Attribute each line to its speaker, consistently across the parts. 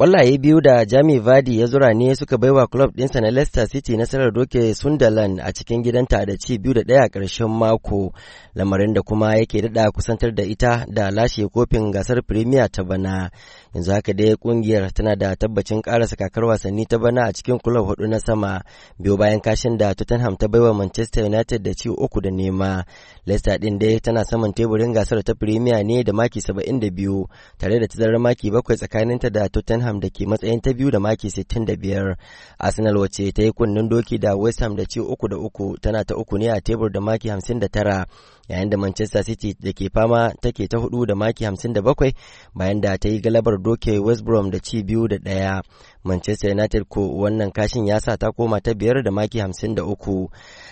Speaker 1: Kwallaye biyu da Jami Vardy ya zura ne suka bai baiwa club ɗinsa na Leicester City nasarar doke Sunderland a cikin gidanta da ci biyu da ɗaya a ƙarshen mako, lamarin da kuma yake daɗa kusantar da ita da lashe kofin gasar Premier ta bana. Yanzu haka dai ƙungiyar tana da tabbacin ƙarasa kakar wasanni ta bana a cikin kulob hudu na sama, biyu bayan kashin da Tottenham ta baiwa Manchester United da ci uku da nema. Leicester ɗin dai tana saman teburin gasar ta Premier ne da maki saba'in da biyu tare da tazarar maki bakwai tsakaninta da Tottenham Fulham da ke matsayin ta biyu da maki 65. Arsenal wace ta yi kunnen doki da West Ham da ci uku da uku tana ta uku ne a tebur da maki 59 yayin da Manchester City da ke fama take ta hudu da maki 57 bayan da ta yi galabar doke West Brom da ci biyu da ɗaya. Manchester United ko wannan kashin ya sa ta koma ta biyar da maki 53.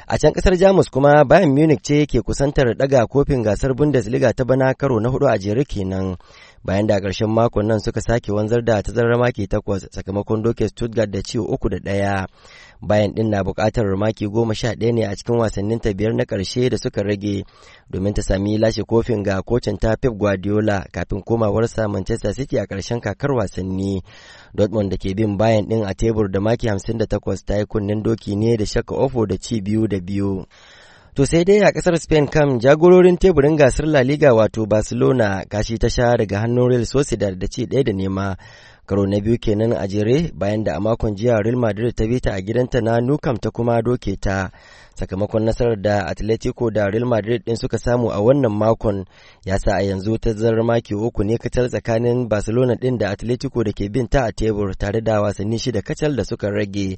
Speaker 1: A can kasar Jamus kuma Bayern Munich ce ke kusantar daga kofin gasar Bundesliga ta bana karo na hudu a jere kenan. bayan da a ƙarshen makon nan suka sake wanzar da tazarar maki takwas sakamakon doke Stuttgart da ciwo uku da ɗaya. Bayan ɗin na buƙatar maki goma sha ɗaya ne a cikin wasannin ta biyar na ƙarshe da suka rage domin ta sami lashe kofin ga kocin ta Pep Guardiola kafin komawarsa Manchester City a ƙarshen kakar wasanni. Dortmund da ke bin bayan ɗin a tebur da maki hamsin da takwas ta yi kunnen doki ne da shaka ofo da ci biyu da biyu. To sai dai a ƙasar Spain kam jagororin teburin gasar La Liga wato Barcelona kashi ta sha daga hannun Real Sociedad da ci ɗaya da nema karo na biyu kenan a jere bayan da a makon jiya real madrid ta bi ta a gidanta na nukam ta kuma doke ta sakamakon nasarar da atletico da real madrid din suka samu a wannan makon ya sa a yanzu ta zarar maki uku ne kacal tsakanin barcelona din da atletico da ke bin ta a tebur tare da wasanni shida kacal da suka rage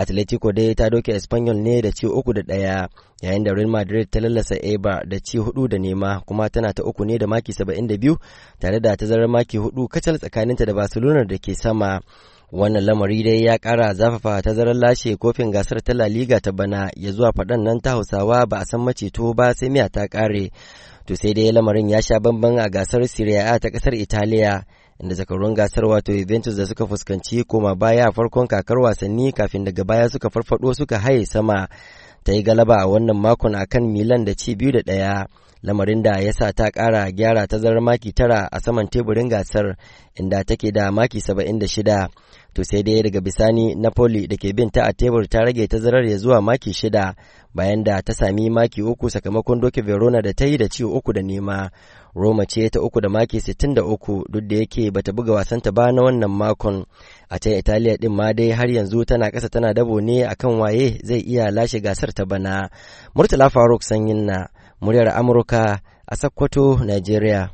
Speaker 1: atletico dai ta doke espanyol ne da ci uku da ɗaya yayin da real madrid ta lalasa eba da ci hudu da nema kuma tana ta uku ne da maki saba'in da biyu tare da ta zarar maki hudu kacal tsakaninta da barcelona da ke sama wannan lamari dai ya kara zafafa ta zarar lashe kofin gasar ta La ta bana ya zuwa faɗan nan ta Hausawa ba a san maceto ba sai miya ta kare to sai dai lamarin ya sha bamban a gasar Serie A ta kasar Italiya inda zakarun gasar wato Juventus da suka fuskanci koma baya a farkon kakar wasanni kafin daga baya suka farfado suka haye sama ta yi galaba a wannan makon akan Milan da ci biyu da ɗaya lamarin da ya sa ta kara gyara tazarar maki tara a saman teburin gasar inda take da maki 76 to sai dai daga bisani napoli da ke bin ta a tebur ta rage tazarar ya zuwa maki shida bayan da ta sami maki uku sakamakon doke verona da ta yi da ci uku da nema roma ce ta uku da maki 63 duk da yake bata buga wasan ta ba na wannan makon a can italiya din ma dai har yanzu tana kasa tana dabo ne akan waye zai iya lashe gasar ta bana murtala faruk sanyin na muryar Amurka a Sokoto, Najeriya.